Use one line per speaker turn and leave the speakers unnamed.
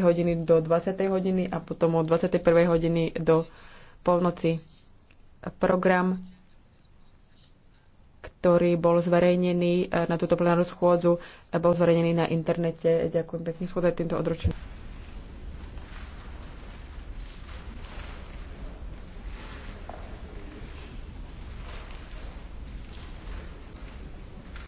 hodiny do 20. hodiny a potom od 21. hodiny do polnoci. Program, ktorý bol zverejnený eh, na túto plenárnu schôdzu, eh, bol zverejnený na internete. Ďakujem pekne, schôdza týmto odročením.